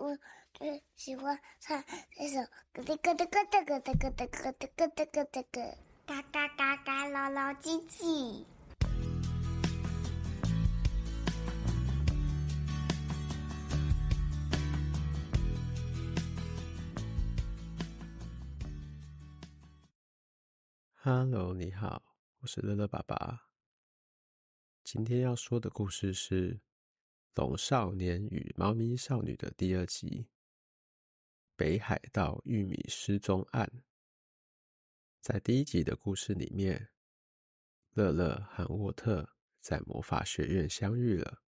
我最喜歡唱這首咯噠咯噠咯噠咯噠咯噠咯咯咯咯咯，嘎嘎嘎嘎咯咯唧唧。Hello，你好，我是樂樂爸爸。今天要說的故事是。《龍少年與貓咪少女》的第二集《北海道玉米失蹤案》，在第一集的故事裡面，樂樂和沃特在魔法學院相遇了。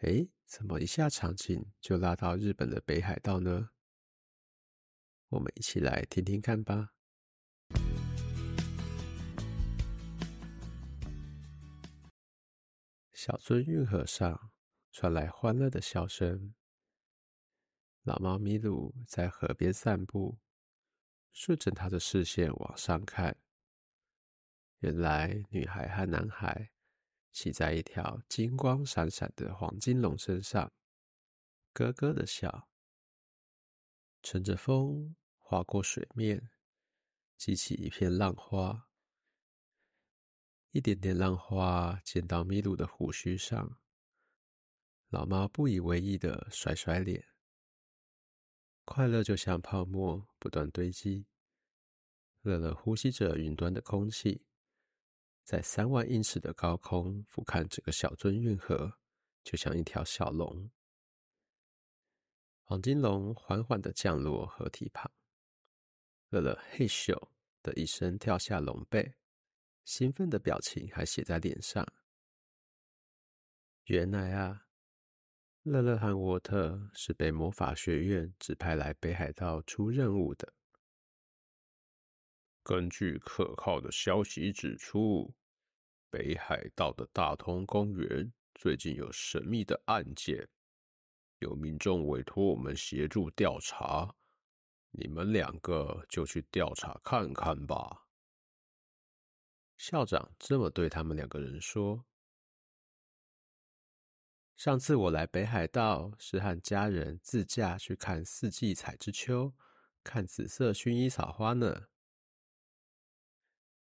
誒，怎麼一下場景就拉到日本的北海道呢？我們一起來聽聽看吧。小樽運河上，傳來歡樂的笑聲。老貓咪露在河邊散步，順着他的視線往上看，原來女孩和男孩騎在一條金光閃閃的黃金龍身上，咯咯的笑，乘着風劃過水面，激起一片浪花，一點點浪花濺到咪露的胡鬚上，老貓不以為意的甩甩臉，快樂就像泡沫不斷堆積。樂樂呼吸着雲端的空氣，在三萬英尺的高空俯瞰整個小樽運河，就像一條小龍。黃金龍緩緩地降落河堤旁，樂樂嘿咻的一聲跳下龍背，興奮的表情還寫在臉上。原來啊。樂樂和沃特是被魔法學院指派來北海道出任務的。根據可靠的消息指出，北海道的大通公園最近有神秘的案件，有民眾委託我們協助調查。你們兩個就去調查看看吧。校長這麼對他們兩個人說。上次我來北海道，是和家人自駕去看四季彩之秋，看紫色薰衣草花呢。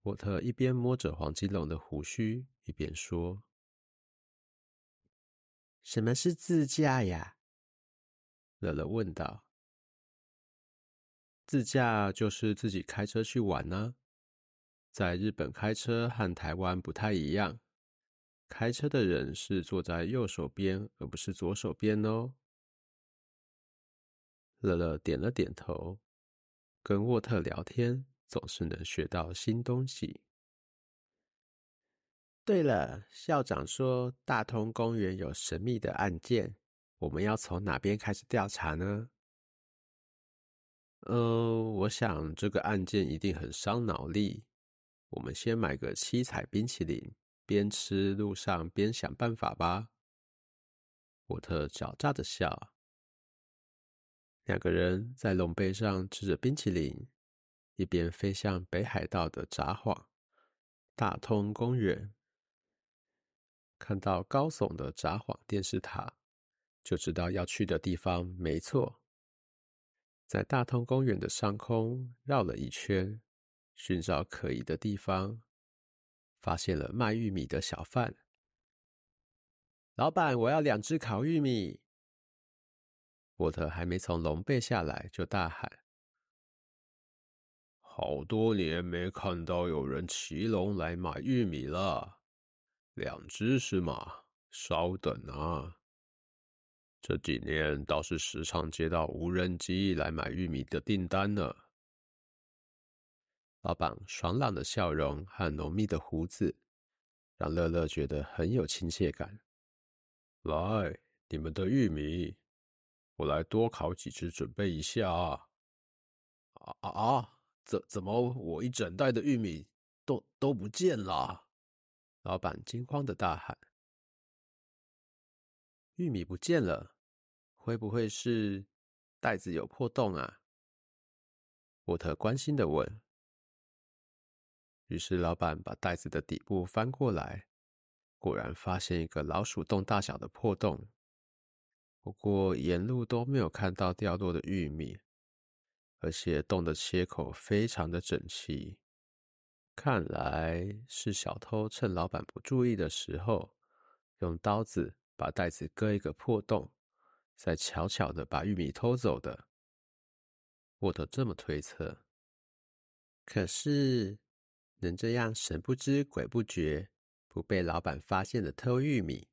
沃特一邊摸着黃金龍的鬍鬚，一邊說：“什麼是自駕呀？”樂樂問道。“自駕就是自己開車去玩呢、啊。在日本開車和台灣不太一樣。”開車的人是坐在右手邊，而不是左手邊哦。樂樂點了點頭，跟沃特聊天，總是能學到新東西。對了，校長說大通公園有神秘的案件，我們要從哪邊開始調查呢？嗯、呃，我想這個案件一定很傷腦力，我們先買個七彩冰淇淋。邊吃路上邊想辦法吧，沃特狡詐的笑。兩個人在龍背上吃着冰淇淋，一邊飛向北海道的札幌大通公園。看到高聳的札幌電視塔，就知道要去的地方沒錯。在大通公園的上空繞了一圈，尋找可疑的地方。發現了賣玉米的小販，老板，我要兩隻烤玉米。沃特還沒從龍背下來，就大喊：“好多年沒看到有人騎龍來買玉米了，兩隻是嗎？稍等啊，這幾年倒是時常接到無人機來買玉米的訂單呢。”老闆爽朗的笑容和濃密的鬍子，讓樂樂覺得很有親切感。來，你們的玉米，我來多烤幾隻，準備一下啊！啊啊啊怎怎麼，我一整袋的玉米都都不見了？老闆驚慌的大喊：“玉米不見了，會不會是袋子有破洞啊？”沃特關心的問。於是，老闆把袋子的底部翻過來，果然發現一個老鼠洞大小的破洞。不過，沿路都沒有看到掉落的玉米，而且洞的切口非常的整齊，看來是小偷趁老闆不注意的時候，用刀子把袋子割一個破洞，再悄悄的把玉米偷走的。沃特這麼推測。可是。能這樣神不知鬼不覺，不被老闆發現的偷玉米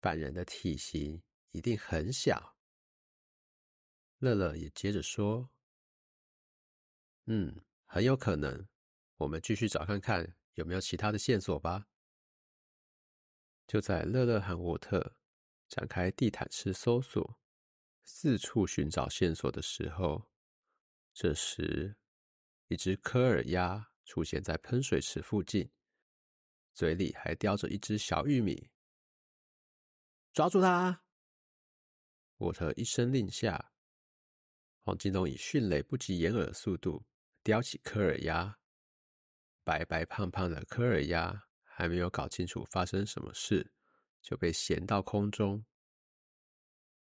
犯人的體型一定很小。樂樂也接着說：“嗯，很有可能。”我們繼續找看看有沒有其他的線索吧。就在樂樂和沃特展開地毯式搜索，四處尋找線索的時候，這時一隻柯爾鴨出現在噴水池附近，嘴裡還叼着一只小玉米。抓住它！沃特一聲令下，黃金龍以迅雷不及掩耳的速度叼起科爾鴨。白白胖胖的科爾鴨還沒有搞清楚發生什麼事，就被銜到空中。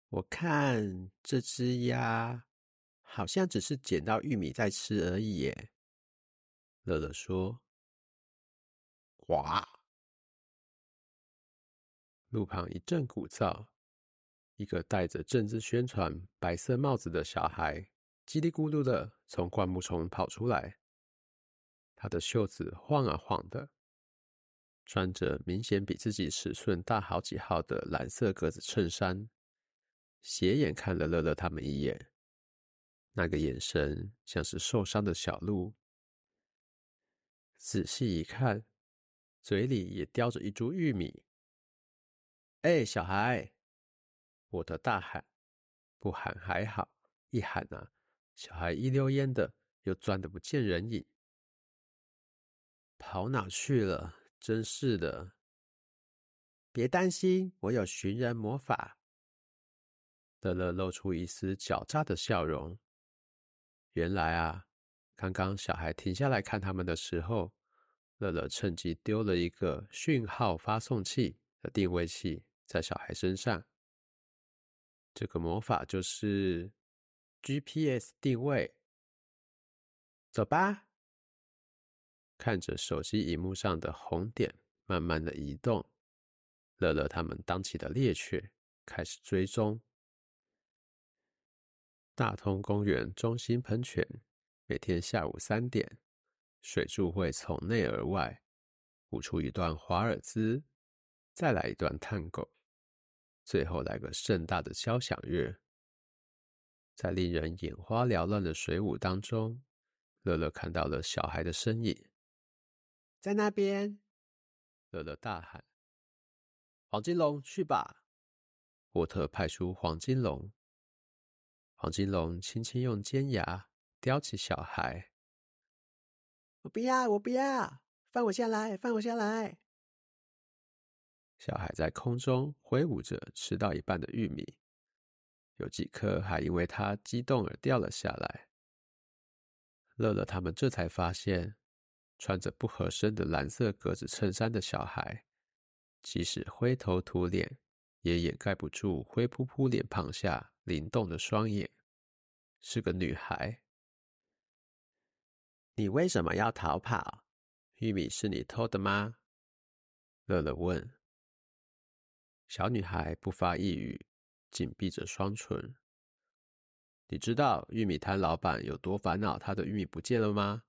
我看這只鴨好像只是撿到玉米在吃而已耶。樂樂說：“哇！”路旁一陣鼓譟，一個戴着政治宣傳白色帽子的小孩嘰里咕嚕的從灌木叢跑出來，他的袖子晃啊晃的，穿着明顯比自己尺寸大好幾號的藍色格子襯衫，斜眼看了樂樂他們一眼，那個眼神像是受傷的小鹿。仔細一看，嘴裡也叼着一株玉米。哎、欸，小孩！我得大喊，不喊還好，一喊啊，小孩一溜煙的又鑽得不見人影。跑哪去了？真是的！別擔心，我有尋人魔法。樂樂露出一絲狡詐的笑容。原來啊，剛剛小孩停下來看他們的時候。樂樂趁機丟了一個訊號發送器和定位器在小孩身上，這個魔法就是 GPS 定位。走吧，看着手機熒幕上的紅點慢慢的移動，樂樂他們當起的獵犬開始追蹤。大通公園中心噴泉，每天下午三點。水柱會從內而外舞出一段華爾茲，再來一段探戈，最後來個盛大的交響樂。在令人眼花繚亂的水舞當中，樂樂看到了小孩的身影。在那邊，樂樂大喊：“黃金龍去吧！”沃特派出黃金龍，黃金龍輕輕用尖牙叼起小孩。我不要，我不要，放我下來，放我下來！小孩在空中揮舞着吃到一半的玉米，有幾顆還因為他激動而掉了下來。樂樂他們這才發現，穿着不合身的藍色格子襯衫的小孩，即使灰頭土臉，也掩蓋不住灰撲撲臉龐下靈動的雙眼，是個女孩。你為什麼要逃跑？玉米是你偷的嗎？樂樂問。小女孩不發一語，緊閉着雙唇。你知道玉米攤老闆有多煩惱，他的玉米不見了嗎？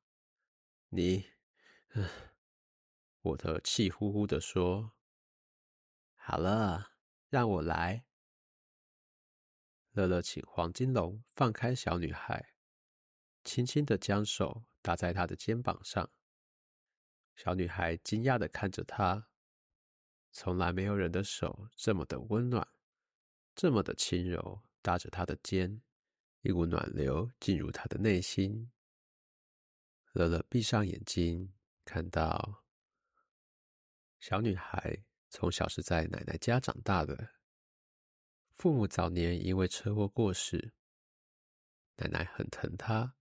你，嗯， 沃特氣呼呼地說：“好了，讓我來。”樂樂請黃金龍放開小女孩，輕輕地將手。搭在他的肩膀上，小女孩驚訝地看着他，從來沒有人的手這麼的溫暖，這麼的輕柔，搭着他的肩，一股暖流進入他的內心。樂樂閉上眼睛，看到小女孩從小是在奶奶家長大的，父母早年因為車禍過世，奶奶很疼她。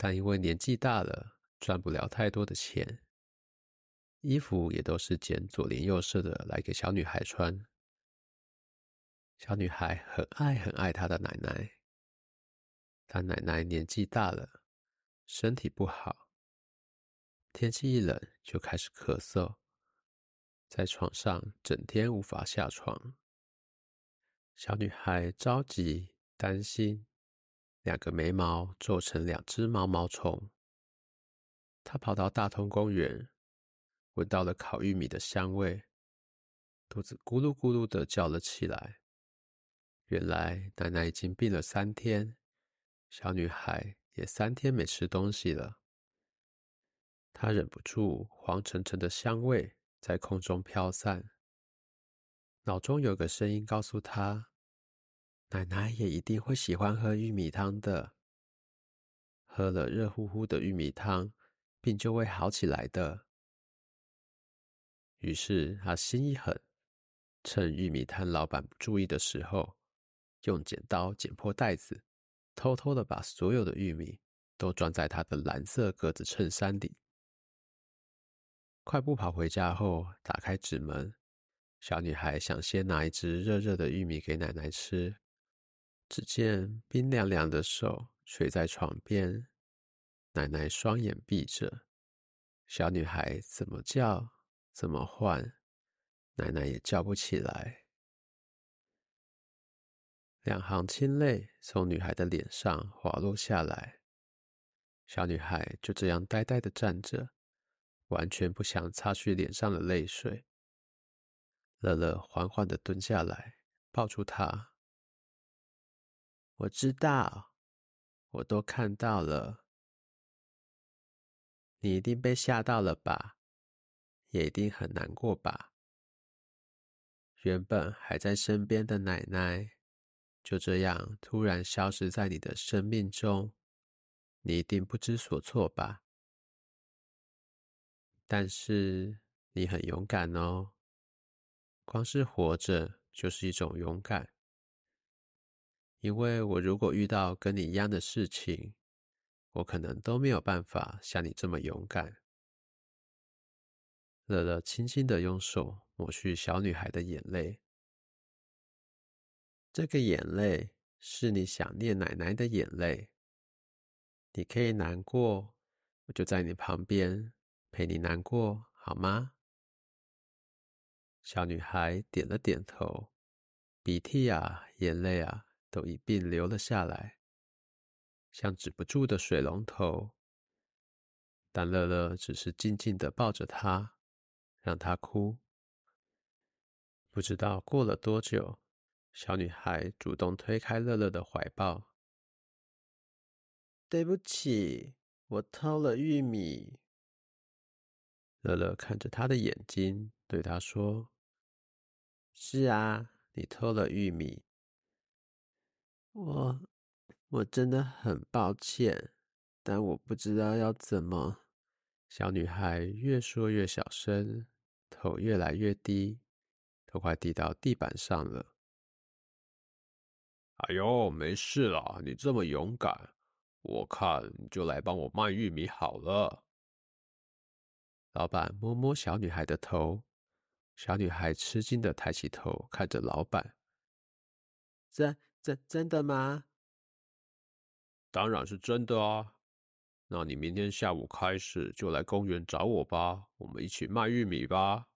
但因為年紀大了，賺不了太多的錢，衣服也都是撿左鄰右舍的來給小女孩穿。小女孩很愛很愛她的奶奶，但奶奶年紀大了，身體不好，天氣一冷就開始咳嗽，在床上整天無法下床。小女孩着急，擔心。兩個眉毛皺成兩隻毛毛蟲。他跑到大通公園，聞到了烤玉米的香味，肚子咕嚕咕嚕地叫了起來。原來奶奶已經病了三天，小女孩也三天沒吃東西了。她忍不住，黃澄澄的香味在空中飄散，腦中有個聲音告訴她。奶奶也一定會喜歡喝玉米湯的。喝了熱乎乎的玉米湯，病就會好起來的。於是她心一狠，趁玉米攤老板不注意的時候，用剪刀剪破袋子，偷偷的把所有的玉米都裝在她的藍色格子襯衫裡。快步跑回家後，打開紙門，小女孩想先拿一隻熱熱的玉米給奶奶吃。只見冰涼涼的手垂在床邊，奶奶雙眼閉着，小女孩怎麼叫怎麼喚，奶奶也叫不起來。兩行清淚從女孩的臉上滑落下來，小女孩就這樣呆呆的站着，完全不想擦去臉上的淚水。樂樂緩緩的蹲下來，抱住她。我知道，我都看到了。你一定被嚇到了吧？也一定很難過吧？原本還在身邊的奶奶，就這樣突然消失在你的生命中，你一定不知所措吧？但是你很勇敢哦，光是活着就是一種勇敢。因為我如果遇到跟你一樣的事情，我可能都沒有辦法像你這麼勇敢。樂樂輕輕地用手抹去小女孩的眼淚，這個眼淚是你想念奶奶的眼淚，你可以難過，我就在你旁邊陪你難過，好嗎？小女孩點了點頭，鼻涕啊，眼淚啊。都一併流了下來，像止不住的水龍頭。但樂樂只是靜靜地抱着她，讓她哭。不知道過了多久，小女孩主動推開樂樂的懷抱。“對不起，我偷了玉米。”樂樂看着她的眼睛，對她說：“是啊，你偷了玉米。”我我真的很抱歉，但我不知道要怎麼。小女孩越說越小聲，頭越來越低，頭快低到地板上了。哎呦，沒事啦，你這麼勇敢，我看就來幫我賣玉米好了。老闆摸摸小女孩的頭，小女孩吃驚的抬起頭看着老闆，在。真真的嗎？當然是真的啊。那你明天下午開始就來公園找我吧，我們一起賣玉米吧。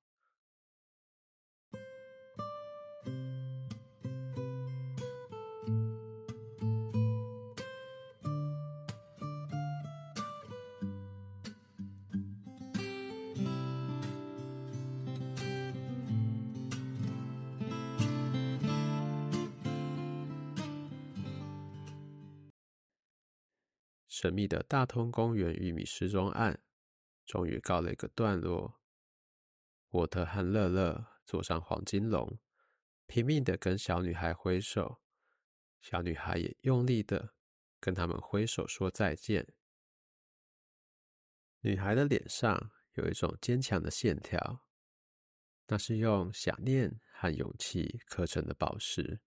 神秘的大通公園玉米失蹤案終於告了一個段落。沃特和樂樂坐上黃金龍，拼命地跟小女孩揮手，小女孩也用力地跟他們揮手說再見。女孩的臉上有一種堅強的線條，那是用想念和勇氣刻成的寶石，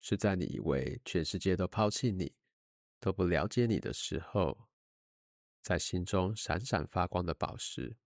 是在你以為全世界都拋棄你、都不了解你的時候，在心中閃閃發光的寶石。